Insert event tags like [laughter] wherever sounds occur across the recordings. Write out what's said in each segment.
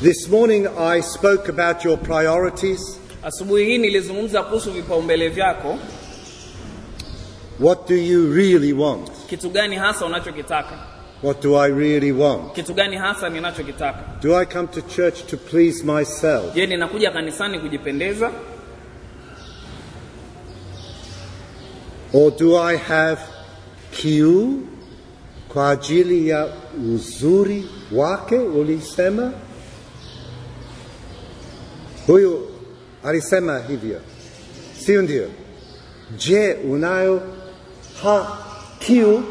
This morning I spoke about your priorities. Asubuhi hii nilizungumza kuhusu vipaumbele vyako. What do you really want? Kitu gani hasa unachokitaka? What do I really want? Kitu gani hasa ninachokitaka? Do I come to church to please myself? Je, ninakuja kanisani kujipendeza? Or do I have kiu kwa ajili ya uzuri wake ulisema? Huyu alisema hivyo, si ndio? Je, unayo ha kiu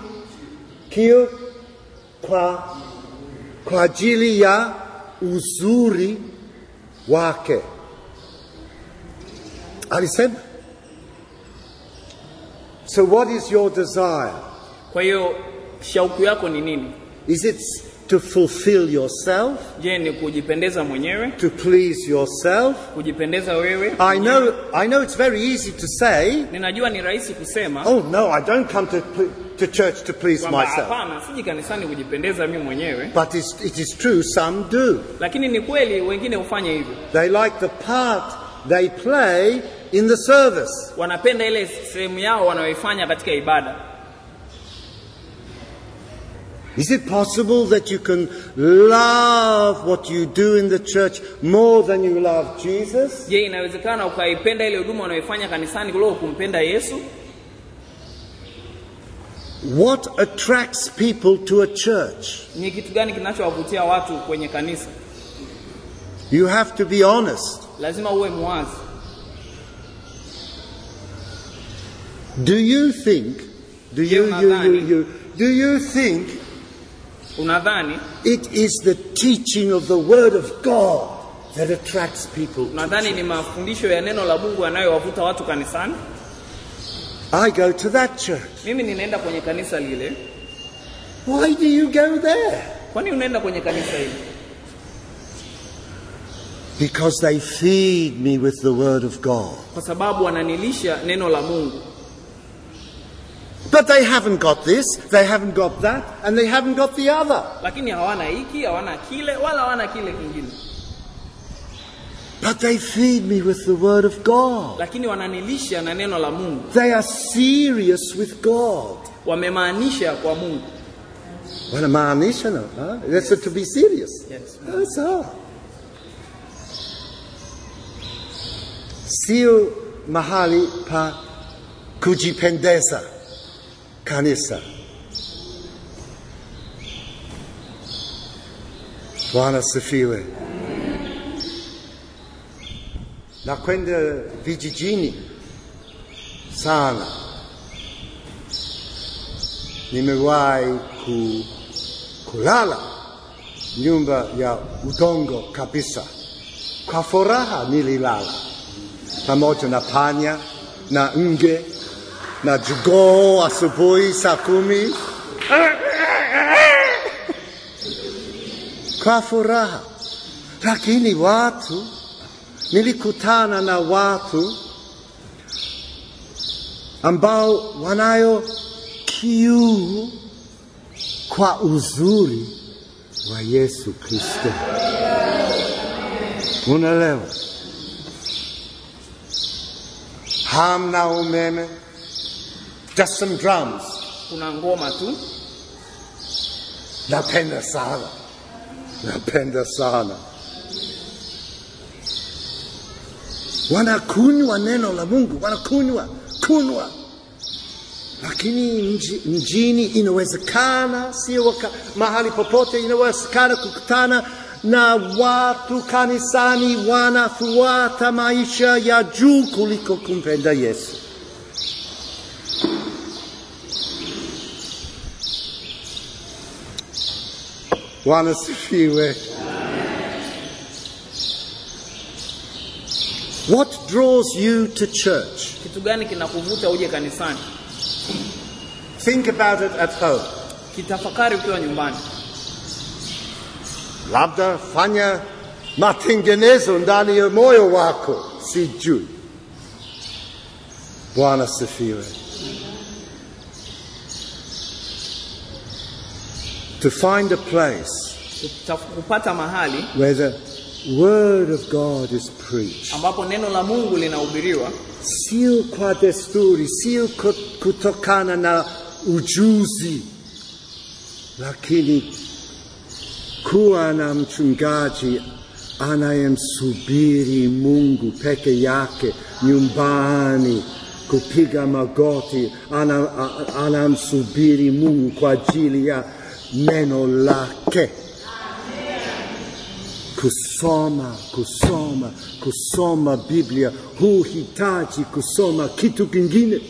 kiu kwa kwa ajili ya uzuri wake? Alisema. So what is your desire? Kwa hiyo shauku yako ni nini? Is it to fulfill yourself je ni kujipendeza mwenyewe to please yourself kujipendeza wewe i know i know it's very easy to say ninajua ni rahisi kusema oh no i don't come to to church to please myself hapana siji kanisani kujipendeza mimi mwenyewe but it's, true some do lakini ni kweli wengine hufanya hivyo they like the part they play in the service wanapenda ile sehemu yao katika ibada is it possible that you can love what you do in the church more than you love Jesus? Je, inawezekana ukaipenda ile huduma unayoifanya kanisani kuliko kumpenda Yesu? What attracts people to a church? Ni kitu gani kinachowavutia watu kwenye kanisa? You have to be honest. Lazima uwe mwazi. Do you think do you, you, you, you, do you think Unadhani it is the teaching of the word of God that attracts people. Unadhani ni mafundisho ya neno la Mungu yanayowavuta watu kanisani. I go to that church. Mimi ninaenda kwenye kanisa lile. Why do you go there? Kwani unaenda kwenye kanisa hili? Because they feed me with the word of God. Kwa sababu wananilisha neno la Mungu. But they haven't got this, they haven't got that, and they haven't got the other. But they feed me with the word of God. They are serious with God. That's yes. to be serious. Yes. That's all. mahali pa kujipendeza. kanisa. Bwana sifiwe. kwenda vijijini sana, nimewahi ku, kulala nyumba ya udongo kabisa. Kwa furaha nililala pamoja na panya na nge na jugoo asubuhi saa kumi kwa furaha. Lakini watu, nilikutana na watu ambao wanayo kiu kwa uzuri wa Yesu Kristo. Unaelewa? Hamna umeme just some drums. Kuna ngoma tu. Napenda sana, napenda sana. Wanakunywa neno la Mungu, wanakunywa kunywa, lakini mjini inawezekana, sio mahali popote, inawezekana kukutana na watu kanisani wanafuata maisha ya juu kuliko kumpenda Yesu. Bwana sifiwe. Eh? What draws you to church? Kitu gani kinakuvuta uje kanisani? Think about it at home. Kitafakari ukiwa nyumbani. Labda fanya matengenezo ndani ya moyo wako, si sijui. Bwana sifiwe. to find a place kupata mahali where the word of God is preached. Ambapo neno la Mungu linahubiriwa. Sio kwa desturi, sio kutokana na ujuzi, lakini kuwa na mchungaji anayemsubiri Mungu peke yake nyumbani kupiga magoti, anamsubiri ana, ana Mungu kwa ajili ya neno lake kusoma kusoma kusoma biblia huhitaji kusoma kitu kingine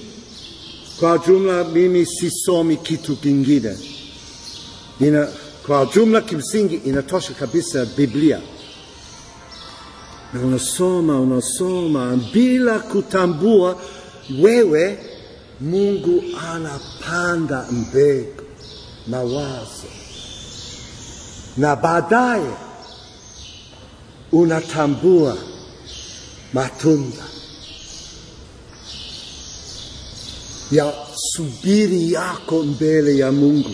kwa jumla mimi sisomi kitu kingine ina kwa jumla kimsingi inatosha kabisa biblia na unasoma unasoma bila kutambua wewe mungu anapanda mbegu na wazo, na baadaye unatambua matunda ya subiri yako mbele ya Mungu.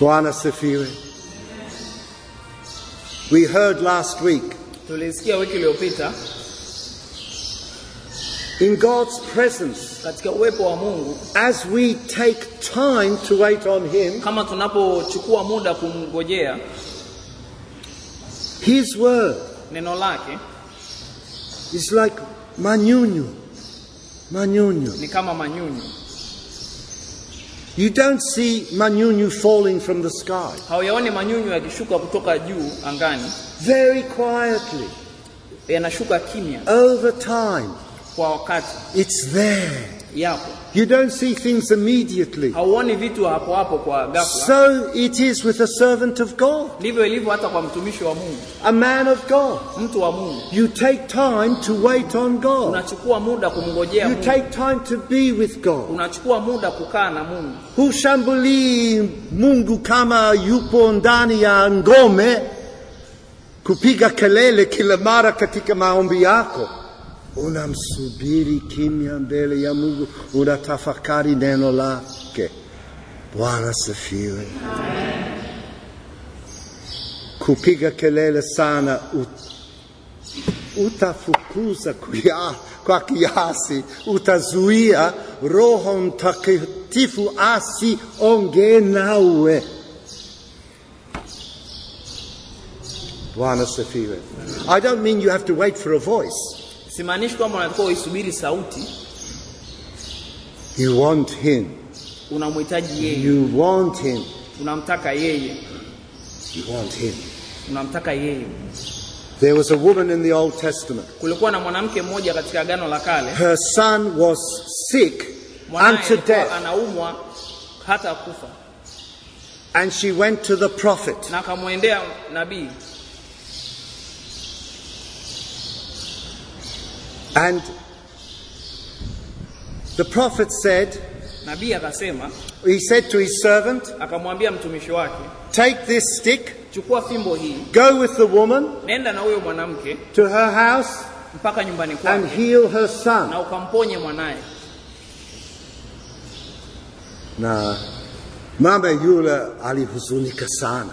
Bwana sifiwe. We heard last week, tulisikia wiki iliyopita in God's presence katika uwepo wa Mungu as we take time to wait on him kama tunapochukua muda kumngojea his word neno lake is like manyunyu manyunyu ni kama manyunyu You don't see manyunyu falling from the sky. Hauyaoni manyunyu yakishuka kutoka juu angani. Very quietly. Yanashuka kimya. Over time. kwa wakati. It's there. Yapo. You don't see things immediately. Hauoni vitu hapo hapo kwa ghafla. So it is with a servant of God. Ndivyo ilivyo hata kwa mtumishi wa Mungu. A man of God. Mtu wa Mungu. You take time to wait on God. Unachukua muda kumngojea Mungu. You take time to be with God. Unachukua muda kukaa na Mungu. Hushambulii Mungu kama yupo ndani ya ngome kupiga kelele kila mara katika maombi yako. unamsubiri kimya mbele ya Mungu, unatafakari neno lake. Bwana sifiwe. Kupiga kelele sana utafukuza kwa kiasi, utazuia Roho Mtakatifu onge nawe. Bwana sifiwe. I don't mean you have to wait for a voice simaanishi kwamba unatakiwa uisubiri sauti you want him unamhitaji yeye you want him unamtaka yeye you want him unamtaka yeye There was a woman in the Old Testament. Kulikuwa na mwanamke mmoja katika Agano la Kale. Her son was sick unto death. Anaumwa hata kufa. And she went to the prophet. Na akamwendea nabii. And the prophet said, Nabii akasema, he said to his servant, akamwambia mtumishi wake, take this stick, chukua fimbo hii, go with the woman, nenda na huyo mwanamke, to her house, mpaka nyumbani and heal her son, na ukamponye mwanaye. Na mama yule alihuzunika sana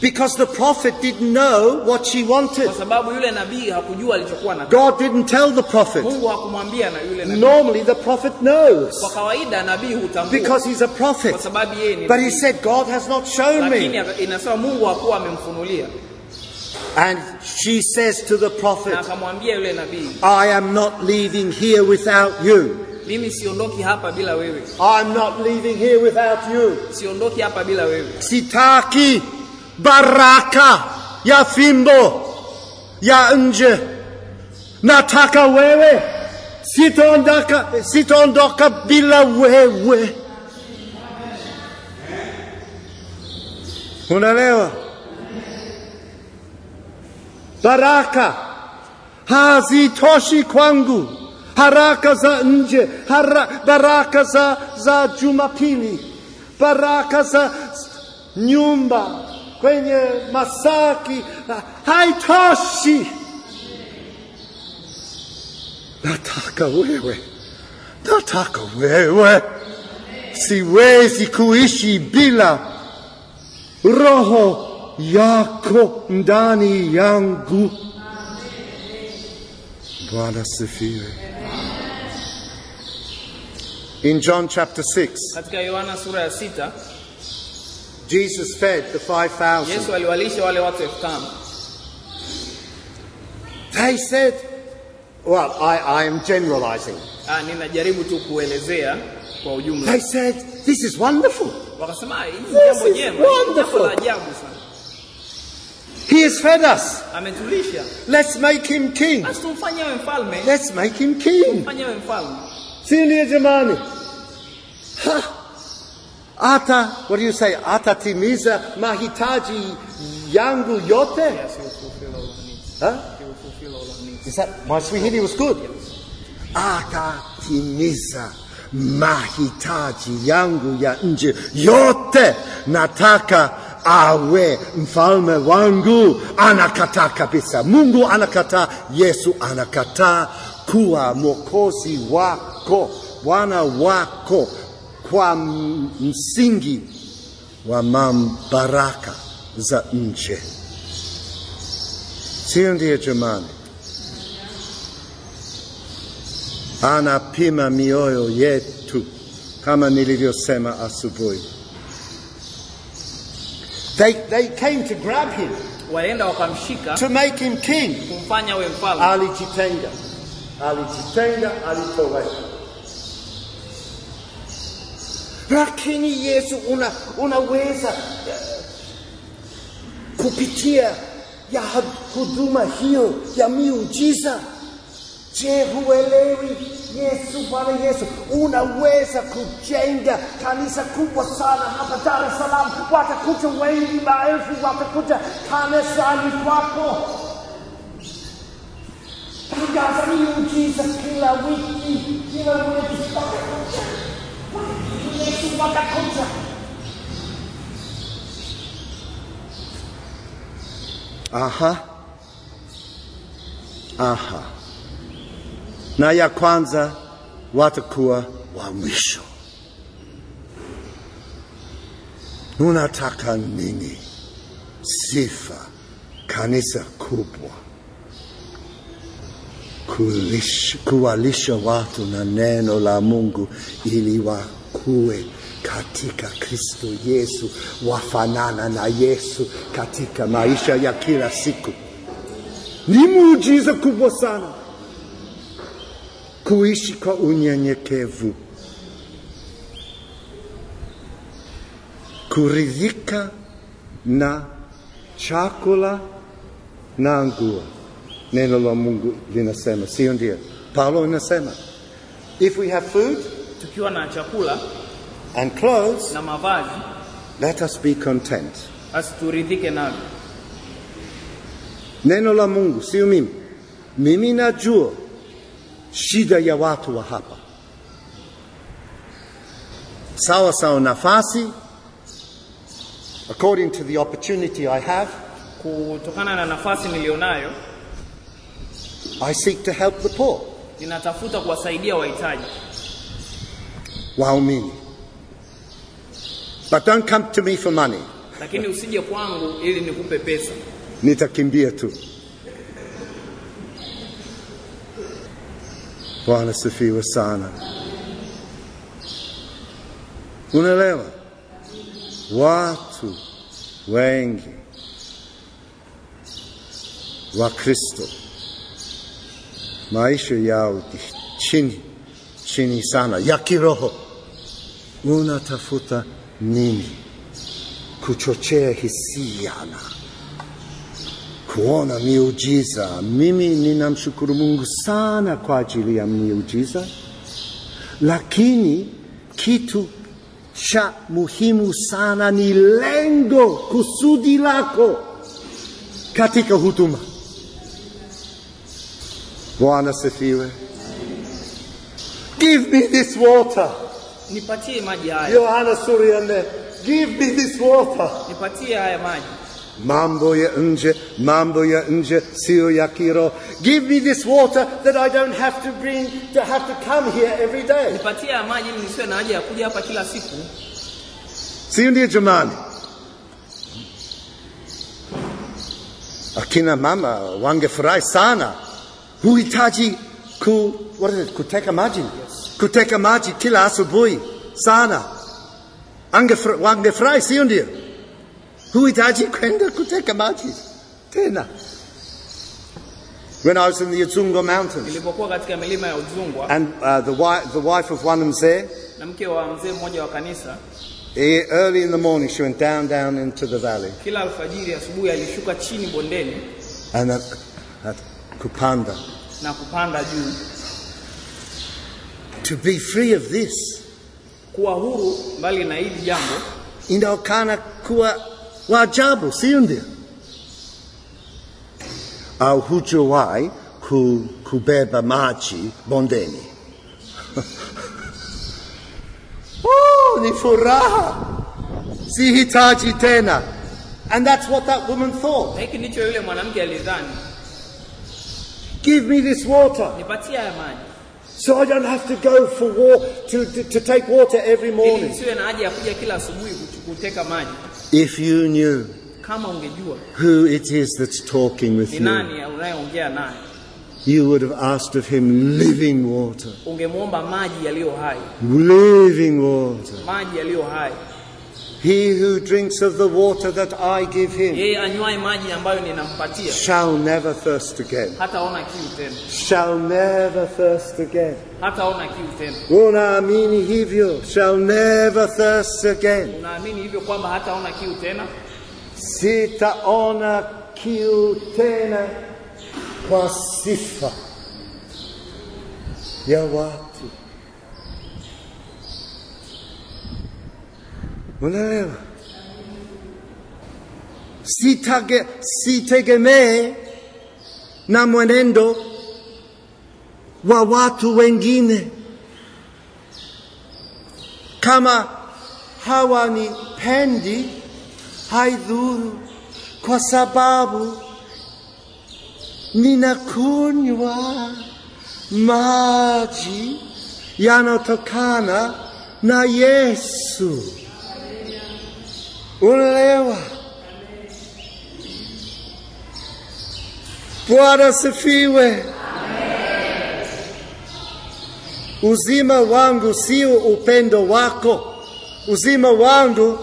Because the prophet didn't know what she wanted. God didn't tell the prophet. Normally the prophet knows. Because he's a prophet. But he said God has not shown me. And she says to the prophet, I am not leaving here without you. I'm not leaving here without you. Sitaki baraka ya fimbo ya nje. Nataka wewe sitondoka, sitondoka bila wewe. Unaelewa? Baraka hazitoshi kwangu, haraka za nje, hara, baraka za, za Jumapili, baraka za nyumba kwenye Masaki haitoshi. Nataka wewe, nataka wewe. Siwezi kuishi bila roho yako ndani yangu. Bwana sifiwe. In John chapter 6, katika Yohana sura ya sita Jesus fed the 5,000. Yesu aliwalisha wale watu elfu They said, well, I, I am generalizing. Ah, they said, this is wonderful. Ah, wonderful. hii Wonderful. He has fed us. Let's make him king. Let's make him king. ata what do you say atatimiza mahitaji yangu yote yes, huh? Is that, my Swahili was good yes. atatimiza mahitaji yangu ya nje yote nataka awe mfalme wangu anakataa kabisa mungu anakataa yesu anakataa kuwa mwokozi wako bwana wako kwa msingi wa mambaraka za nje, sio ndiye jamani? Anapima mioyo yetu kama nilivyosema asubuhi. They, they came to grab him, waenda wakamshika, to make him king, kumfanya awe mfalme. Alijitenga, alijitenga, alitoweka lakini Yesu una, unaweza eh, kupitia ya huduma hiyo ya miujiza. Je, huelewi Yesu? Bwana Yesu, unaweza kujenga kanisa kubwa sana hapa Dar es Salaam, watakuja wengi, maelfu watakuja kanisani kwako, tangaza miujiza kila wiki, kila wiki Aha. Aha. Na ya kwanza watakuwa wa mwisho. Unataka nini? Sifa kanisa kubwa kuwalisha watu na neno la Mungu ili wa kuwe katika Kristo Yesu, wafanana na Yesu katika maisha ya kila siku. Ni muujiza kubwa sana kuishi kwa unyenyekevu, kuridhika na chakula na nguo. Neno la Mungu linasema, sio ndio? Paulo anasema if we have food tukiwa na chakula and clothes, na mavazi, let us be content. Asituridhike navyo. Neno la Mungu sio mimi. Mimi najua shida ya watu wa hapa, sawa sawa nafasi, according to the opportunity I have, kutokana na nafasi nilionayo. I seek to help the poor. Ninatafuta kuwasaidia wahitaji. waumini but don't come to me for money lakini usije kwangu ili nikupe pesa nitakimbia tu bwana sifiwe sana unaelewa watu wengi wa kristo maisha yao chini chini sana ya kiroho unatafuta nini kuchochea hisia na kuona miujiza mimi ninamshukuru mungu sana kwa ajili ya miujiza lakini kitu cha muhimu sana ni lengo kusudi lako katika huduma bwana sifiwe give me this water nipatie maji haya. Yohana sura ya 4, give me this water, nipatie haya maji. Mambo ya nje, mambo ya nje sio ya kiro. Give me this water that I don't have to bring to have to come here every day. Nipatie haya maji ili nisiwe na haja ya kuja hapa kila siku. Sio ndio jamani? Akina mama wangefurahi sana, huhitaji ku, what is it, kuteka maji kuteka maji kila asubuhi sana, wangefurahi, sio ndio? Huhitaji kwenda kuteka maji tena. When I was in the Udzungwa Mountains, and uh, the, wife the wife of one of them there, eh, early in the morning she went down down into the valley kila and that, that kupanda kupanda to be free of this kuwa huru mbali na hili jambo inaonekana kuwa wa ajabu sio ndio au hujuwai ku, kubeba maji bondeni [laughs] oh, ni furaha sihitaji tena and that's what that woman thought hiki ndicho yule mwanamke alidhani give me this water nipatie haya maji so I don't have to go for war to, to, to take water every morning. If you knew who it is that's talking with you, you would have asked of him living water. Living water. He who drinks of the water that I give him shall never thirst again. Shall never thirst again. Unaamini hivyo, shall never thirst again. Sitaona kiu tena kwa sifa ya watu unaelewa? Sitage, sitegemee na mwenendo wa watu wengine. Kama pendi haidhuru, kwa sababu ninakunywa maji yanotokana na Yesu unaelewa. Bwana sifiwe. Uzima wangu sio upendo wako, uzima wangu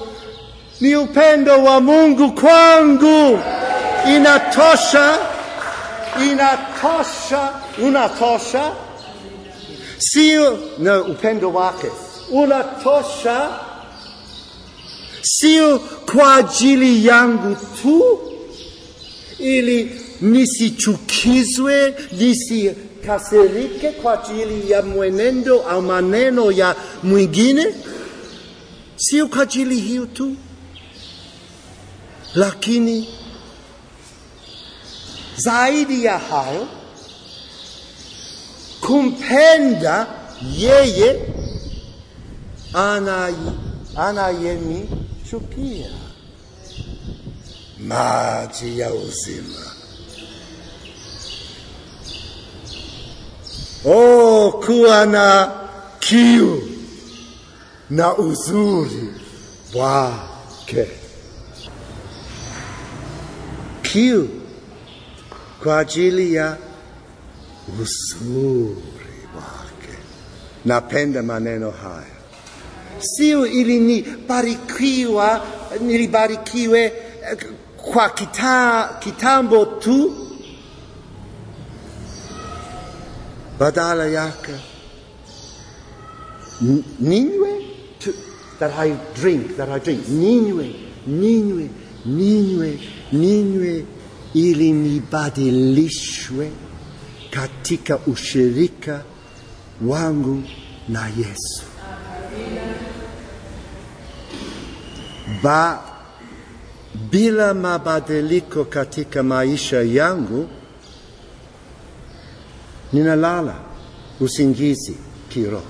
ni upendo wa Mungu kwangu. Inatosha, inatosha, unatosha, sio na upendo wake unatosha sio kwa ajili yangu tu, ili nisichukizwe, nisikasirike kwa ajili ya mwenendo au maneno ya mwingine, sio kwa ajili hiyo tu, lakini zaidi ya hayo kumpenda yeye anayemi kuchukia maji ya uzima. Oh, kuwa na kiu na uzuri wake, kiu kwa ajili ya uzuri wake. Napenda maneno haya sio ili ni barikiwa nilibarikiwe eh, kwa kita, kitambo tu, badala yake ninywe that I drink, that I drink, ninywe, ninywe, ninywe, ninywe ili nibadilishwe katika ushirika wangu na Yesu. ba bila mabadiliko katika maisha yangu ninalala usingizi kiroho.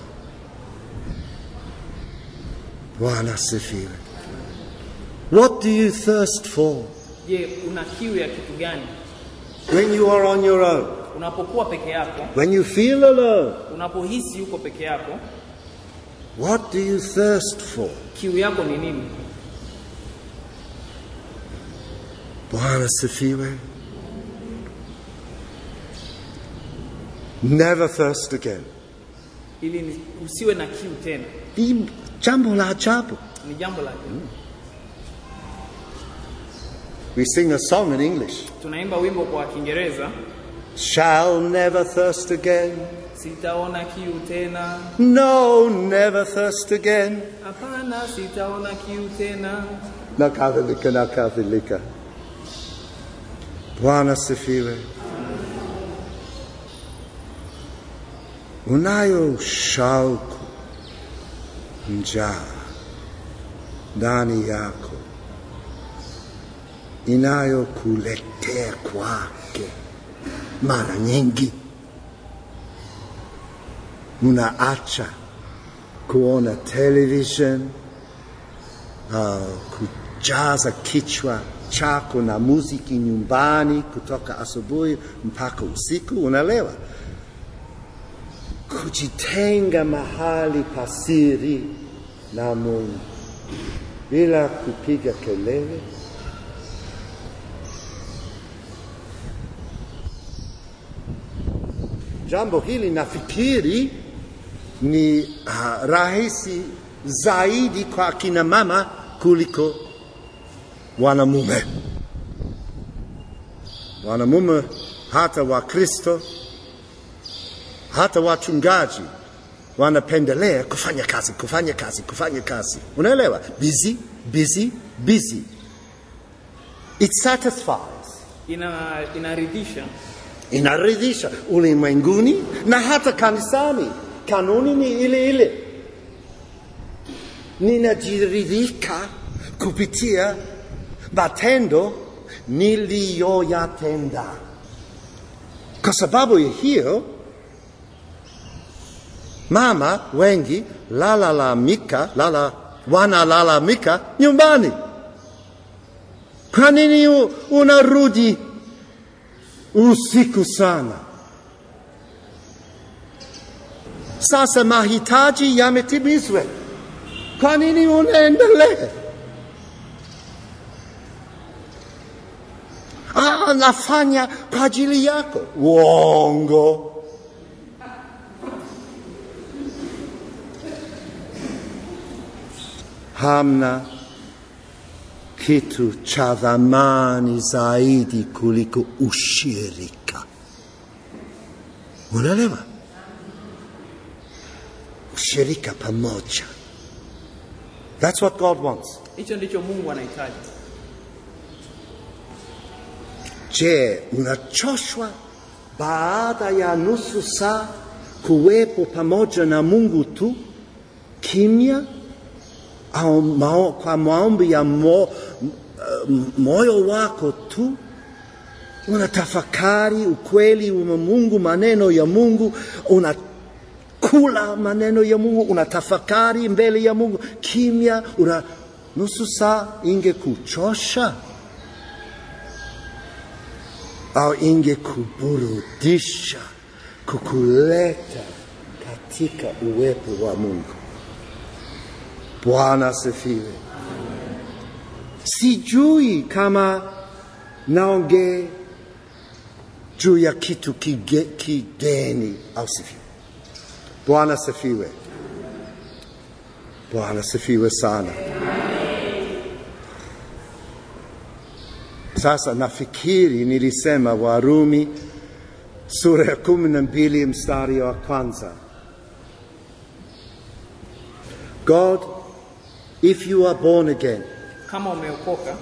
Bwana sifiri What do you thirst for? Je, una kiu ya kitu gani? When you are on your own. Unapokuwa peke yako. When you feel alone. Unapohisi uko peke yako. What do you thirst for? Kiu yako ni nini? Boana să Never thirst again. Ili usiwe na kiu tena. Ni jambo la ajabu. Ni jambo la ajabu. Mm. We sing a song in English. Tunaimba wimbo kwa Kiingereza. Shall never thirst again. Sitaona kiu tena. No, never thirst again. Hapana, sitaona kiu tena. Nakathalika, nakathalika. Bwana sifiwe. Unayo shauku, njaa ndani yako inayokuletea kwake mara nyingi unaacha kuona television, uh, kujaza kichwa chako na muziki nyumbani kutoka asubuhi mpaka usiku unalewa kujitenga mahali pasiri na Mungu bila kupiga kelele jambo hili nafikiri ni ah, rahisi zaidi kwa akina mama kuliko wanamume wanamume hata wa Kristo hata wachungaji wanapendelea kufanya kazi kufanya kazi kufanya kazi unaelewa busy busy busy it satisfies ina inaridhisha inaridhisha ulimwenguni na hata kanisani kanuni ni ile ile ninajiridhika kupitia matendo niliyoyatenda. Kwa sababu ya hiyo, mama wengi lalalamika, lala, wanalalamika nyumbani, kwa nini unarudi usiku sana? Sasa mahitaji yametimizwe, kwa nini unaendelea? anafanya kwa ajili yako. Uongo. Hamna kitu cha dhamani zaidi kuliko ushirika. Unaelewa? Ushirika pamoja. That's what God wants. Je, unachoshwa baada ya nusu saa kuwepo pamoja na Mungu tu kimya au mao, kwa maombi ya mo, eh, moyo wako tu? Unatafakari ukweli wa Mungu, maneno ya Mungu, unakula maneno ya Mungu, unatafakari mbele ya Mungu kimya, una nusu saa ingekuchosha? au ingekuburudisha kukuleta katika uwepo wa Mungu. Bwana sifiwe. Sijui kama naonge juu ya kitu kige, kigeni au sifiwe. Bwana sifiwe. Bwana sifiwe sana. Sasa nafikiri nilisema Warumi sura ya kumi na mbili mstari wa kwanza. God, if you are born again, kama umeokoka,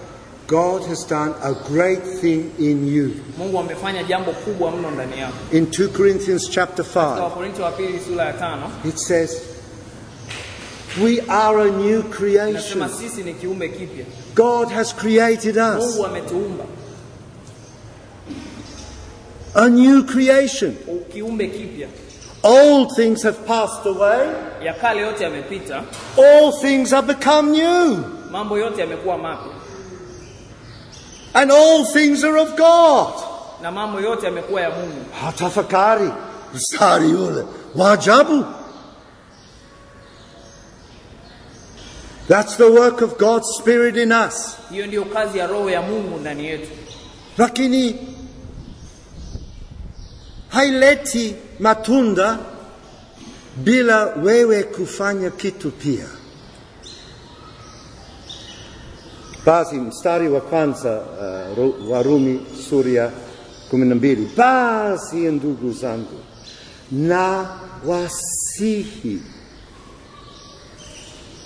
God has done a great thing in you. Mungu amefanya jambo kubwa mno ndani yako. In 2 Corinthians chapter 5, 5, it says we are a new creation. God has created us. A new creation. Old things have passed away. All things have become new. And all things are of God. Hatafakari. Mstari ule. That's the work of God's Spirit in us. Hiyo Lakini haileti matunda bila wewe kufanya kitu pia. Basi mstari wa kwanza uh, Warumi sura kumi na mbili. Basi ndugu zangu, na wasihi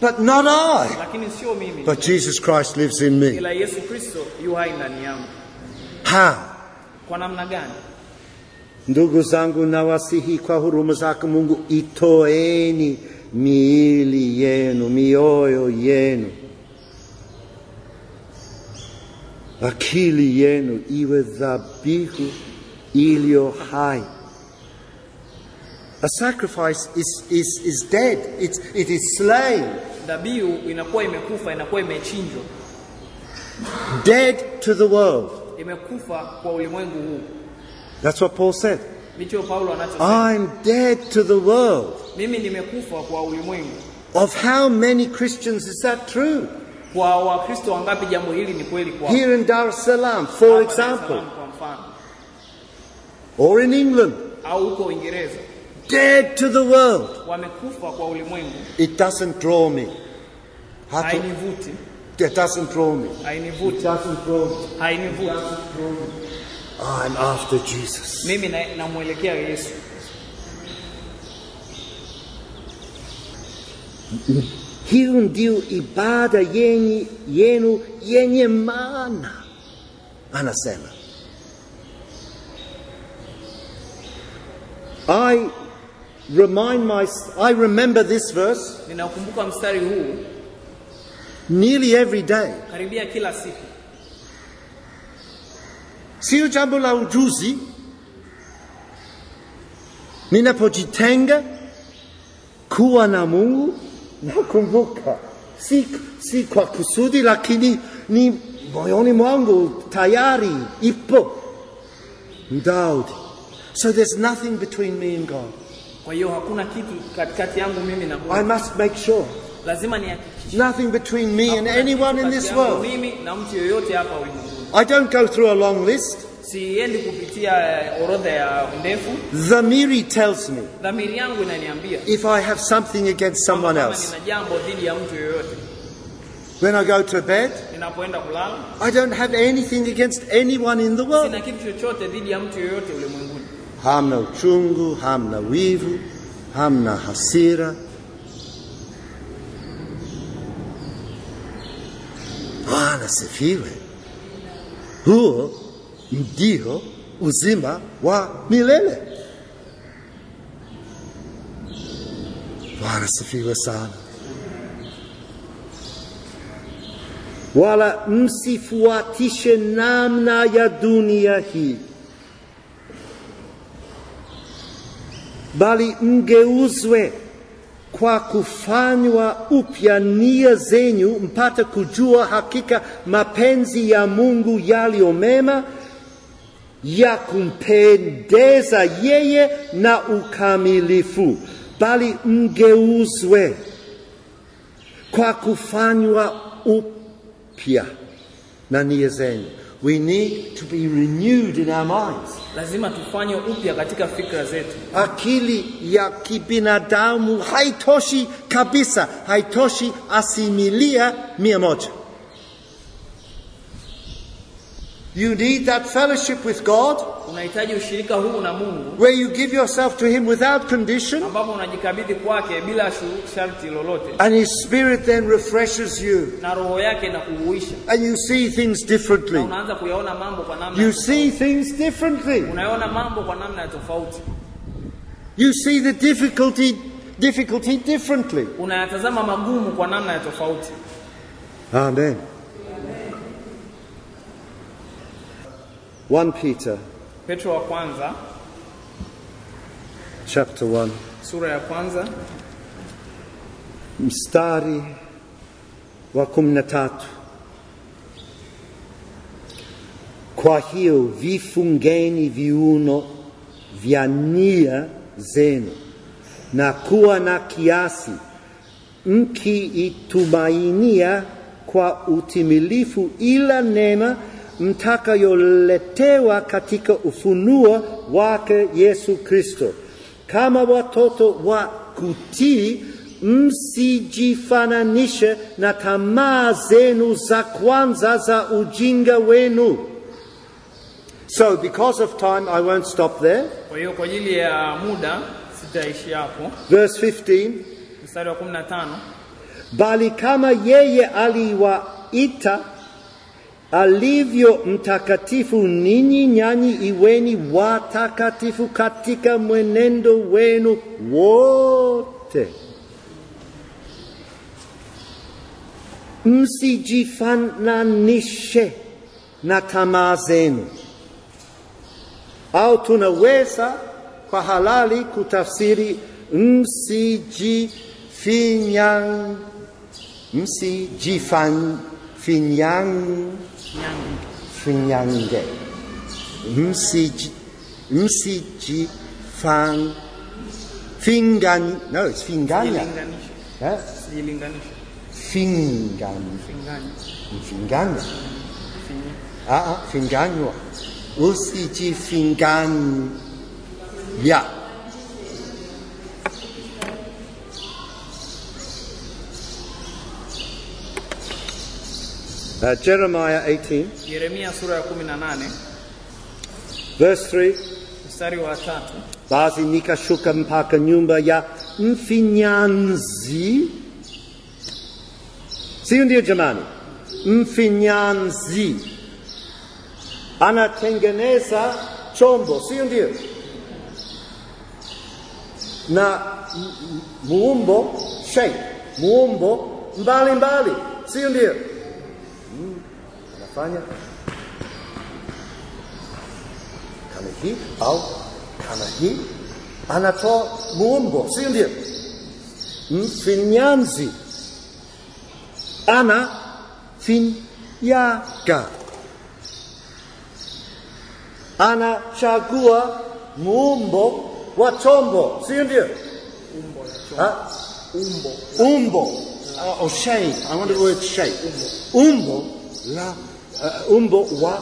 but not I. But Jesus Christ lives in me. How? Ndugu zangu, nawasihi kwa huruma zake Mungu, itoeni miili yenu, mioyo yenu, akili yenu iwe dhabihu iliyo hai a sacrifice is, is, is dead. It's, it is slain. imekufa, Dead to the world. Imekufa kwa ulimwengu huu. That's what Paul said. Paulo I'm dead to the world. Mimi nimekufa kwa ulimwengu. Of how many Christians is that true? Kwa wangapi jambo hili ni kweli Here in Dar es Salaam, for example. Or in England. Au huko Uingereza. dead to the world. Wamekufa kwa ulimwengu. It doesn't draw me. Hainivuti. It doesn't draw me. It doesn't draw me. Ah, I'm after Jesus. Hiyo ndio ibada yenye yenu yenye maana, anasema I remind my, I remember this verse nearly every day. Sio jambo la ujuzi. Ninapojitenga kuwa na Mungu nakumbuka, si, si kwa kusudi, lakini ni moyoni mwangu tayari ipo. Daudi. So there's nothing between me and God. Kwa hiyo hakuna kitu katikati yangu mimi na Mungu. I must make sure. Lazima nihakikishe. Nothing between me and anyone in this world. Mimi na mtu yoyote hapa ulimwenguni. I don't go through a long list. Siendi kupitia eh, orodha ya ndefu. Dhamiri tells me. Dhamiri yangu inaniambia. If I have something against someone else. nina jambo dhidi ya mtu yoyote. When I go to bed, I don't have anything against anyone in the world. hamna uchungu, hamna wivu, hamna hasira. Bwana sifiwe. Huo ndio uzima wa milele. Bwana sifiwe sana. Wala msifuatishe namna ya dunia hii bali mgeuzwe kwa kufanywa upya nia zenyu mpate kujua hakika mapenzi ya Mungu yaliyo mema ya kumpendeza yeye na ukamilifu, bali mgeuzwe kwa kufanywa upya na nia zenyu. We need to be renewed in our minds. Lazima tufanywe upya katika fikra zetu. Akili ya kibinadamu haitoshi kabisa, haitoshi asimilia mia moja. You need that fellowship with God. Where you give yourself to him without condition. And his spirit then refreshes you. And you see things differently. You see things differently. You see the difficulty difficulty differently. Amen. 1 Peter Petro wa kwanza chapter 1 sura ya kwanza mstari wa 13 kwa hiyo vifungeni viuno vya nia zenu na kuwa na kiasi mkiitumainia kwa utimilifu ila nema mtakayoletewa katika ufunuo wake Yesu Kristo. Kama watoto wa kutii, msijifananishe na tamaa zenu za kwanza za ujinga wenu. So because of time I won't stop there. Kwa hiyo kwa ajili ya muda sitaishi hapo. Verse 15. Mstari wa 15. Bali kama yeye aliwaita alivyo mtakatifu ninyi, nyanyi iweni watakatifu katika mwenendo wenu wote, msijifananishe na tamaa zenu. Au tunaweza kwa halali kutafsiri msijifinyan msijifinyange Fun Yang Ge. Um Si Ji Fang. Fingan. No, it's Finganya. Fingan. Fingan. Fingan. Fingan. Fingan. Uh, Jeremiah 18. Yeremia sura ya 18. Verse 3. Mstari wa 3. Basi nikashuka mpaka nyumba ya mfinyanzi. Sio ndio jamani? Mfinyanzi anatengeneza chombo, sio ndio? Na muumbo shape, muumbo mbalimbali, sio ndio? Fanya. Kanahi, al, kanahi, er anato muumbo, sindje. Hm? Finjanzi. Ana, finjaka. Ana chagua muumbo wa chombo, sindje. Umbo, ha? umbo. Umbo. Or oh, oh, shape. I want the word shape. Umbo. umbo la uh, umbo wa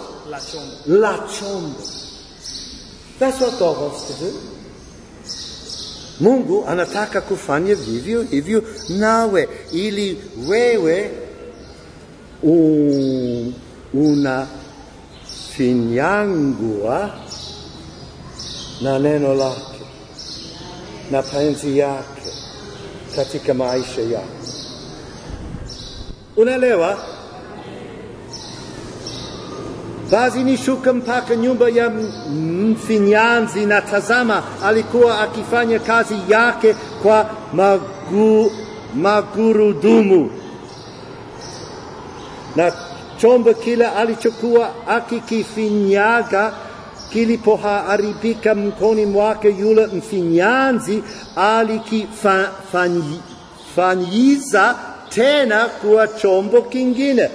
la chombo. That's what God wants to do. Mungu anataka kufanya vivyo hivyo nawe ili wewe una finyangua na neno lake na penzi yake katika maisha yako. Unaelewa? shuka mpaka nyumba ya mfinyanzi, na tazama, alikuwa akifanya kazi yake kwa magu, magurudumu na chombo kile alichokuwa akikifinyaga kilipoharibika mkoni mwake, yule mfinyanzi alikifanyiza tena kuwa chombo kingine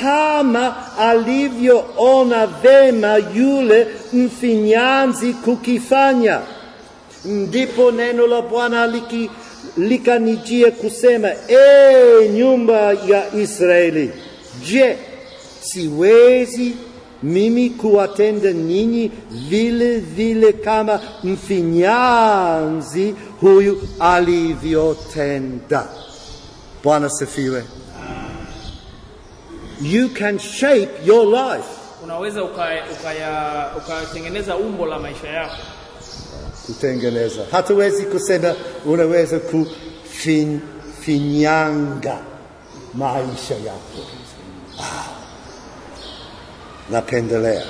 kama alivyoona vema yule mfinyanzi kukifanya. Ndipo neno la Bwana liki likanijia kusema, e nyumba ya Israeli, je, siwezi mimi kuwatenda ninyi vile vile kama mfinyanzi huyu alivyotenda? Bwana sifiwe. You can shape your life. Unaweza ukatengeneza umbo la maisha yako. Kutengeneza. Hatuwezi kusema unaweza kufinyanga maisha yako. Ah. Napendelea.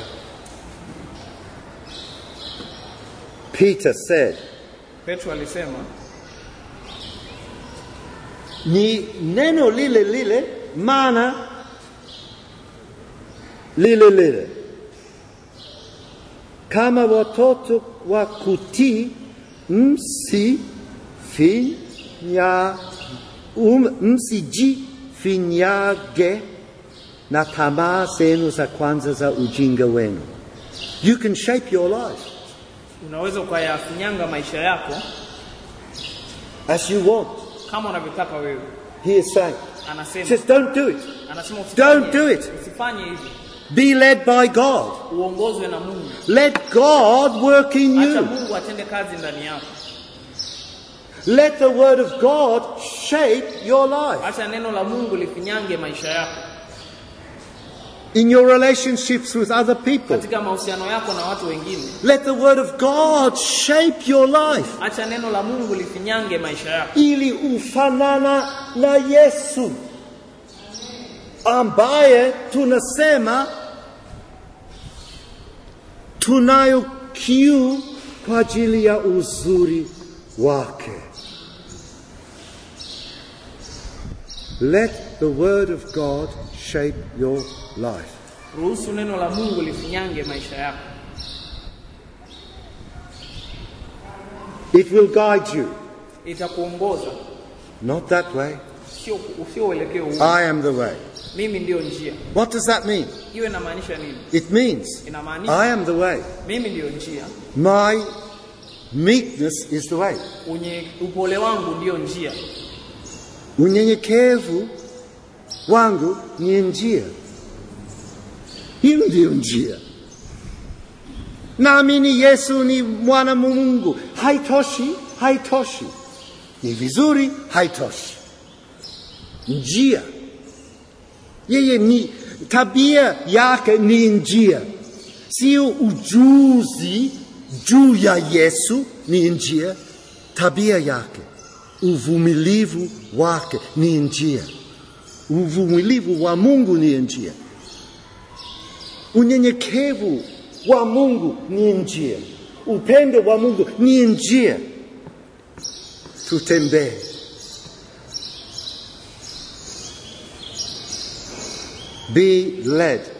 Peter said. Petro alisema ni neno lile lile maana lile lile kama watoto wa kutii msifinya um, msijifinyage na tamaa zenu za kwanza za ujinga wenu. You can shape your life. Unaweza ukayafinyanga maisha yako as you want, kama unavyotaka wewe. He is saying, anasema, just don't do it, anasema don't do it, usifanye hivyo Be led by God. Let God work in you. Let the word of God shape your life. In your relationships with other people, let the word of God shape your life. Ili ufanana na Yesu. Ambaye tunasema tunayo kiu kwa ajili ya uzuri wake. Let the word of God shape your life. Ruhusu neno la Mungu lifinyange maisha yako. It will guide you. Itakuongoza. Not that way. Sio, I am the way. Mimi ndio njia. What does that mean? Hiyo inamaanisha nini? It means inamaanisha I am the way. Mimi ndio njia. My meekness is the way. Unye, upole wangu ndio njia. Unyenyekevu wangu ni njia. Hiyo ndio njia. Naamini Yesu ni mwana Mungu. Haitoshi, haitoshi. Ni vizuri, haitoshi. Njia yeye ni tabia yake ni njia, sio ujuzi juu ya Yesu ni njia. Tabia yake, uvumilivu wake ni njia, uvumilivu wa Mungu ni njia, unyenyekevu wa Mungu ni njia, upendo wa Mungu ni njia. Tutembee Be led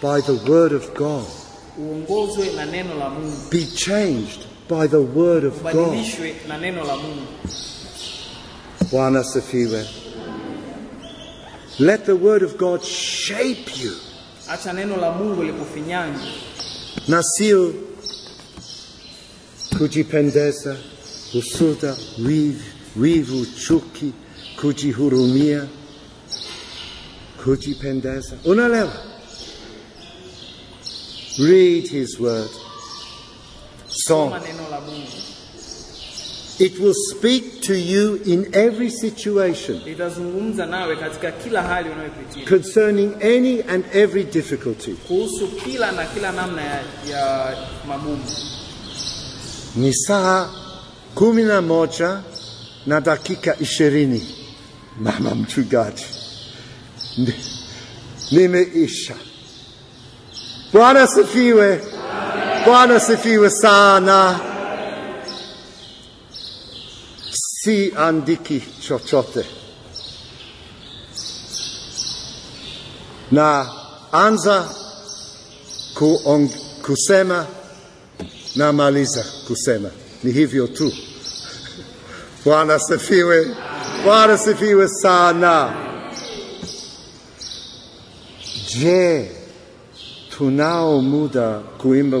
by the word of God. Be changed by the word of God. Let the word of God shape you. Acha Na sio kujipendeza, usuda, wivu, wivu, chuki, kujihurumia could pendersa, una Read his word. Song. It will speak to you in every situation. Concerning any and every difficulty. Ni saa kumi na moja na dakika ishirini. Mama mchungaji. limeisha. Bwana sifiwe, Bwana sifiwe sana. Si andiki chochote na anza ku kusema na maliza kusema, ni hivyo tu. Bwana sifiwe, Bwana sifiwe sana. Je, tunao muda kuimba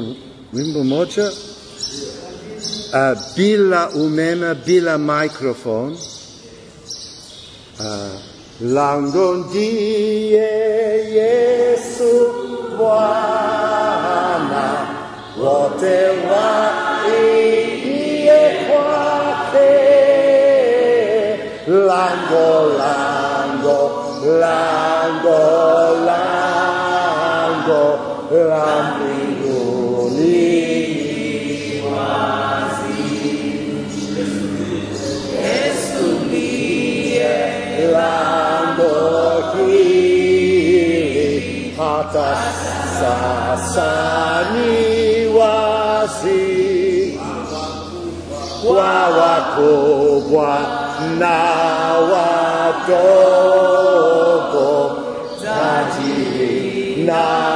wimbo moja uh, bila umeme, bila microfon. Uh, Lango ndie Yesu wana wote waiye kwake, lango lango Lango, lango, lampiguni quasi. Gesù mie, lango qui, hata sasani wasi. Wawaku, wawaku, 나와 보고 자지 나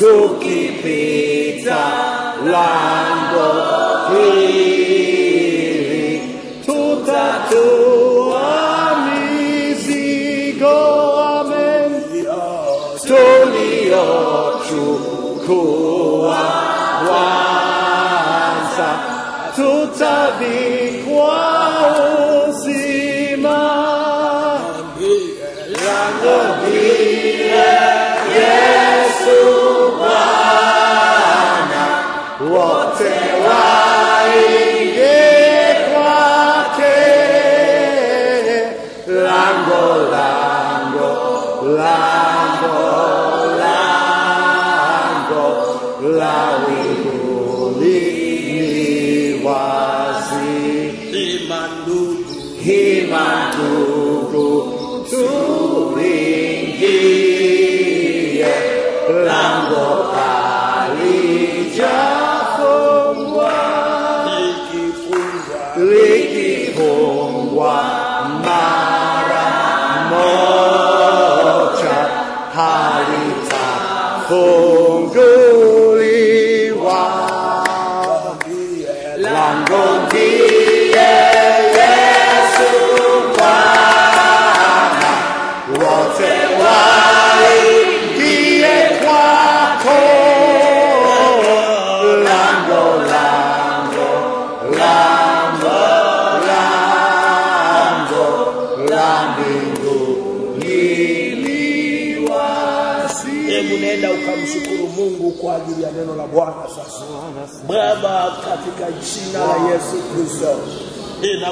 Czuki pizza, lambo, fili, tuta tua misigo, amen, tuli oczu, kuła, łansa, tuta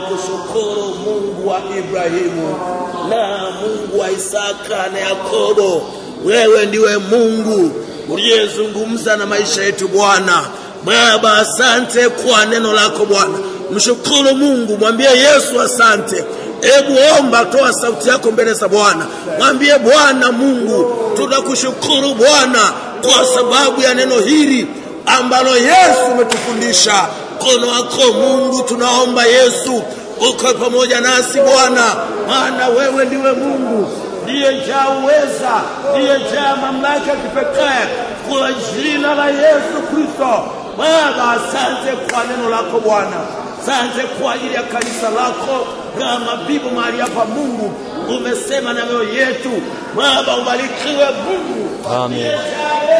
kushukuru Mungu wa Ibrahimu na Mungu wa Isaka na Yakobo. Wewe ndiwe Mungu uliyezungumza na maisha yetu Bwana. Baba, asante kwa neno lako Bwana. Mshukuru Mungu, mwambie Yesu asante. Hebu omba, toa sauti yako mbele za Bwana, mwambie Bwana Mungu, tunakushukuru Bwana kwa sababu ya neno hili ambalo Yesu umetufundisha mkono wako Mungu. Tunaomba Yesu uko pamoja nasi Bwana, maana wewe ndiwe Mungu ndiye jaa uweza, ndiye jaa mamlaka kipekee. Kwa jina la Yesu Kristo Baba, asante kwa neno lako Bwana, asante kwa ajili ya kanisa lako na mabibu mahali hapa. Mungu umesema na mioyo yetu. Baba, ubarikiwe Mungu. Amen.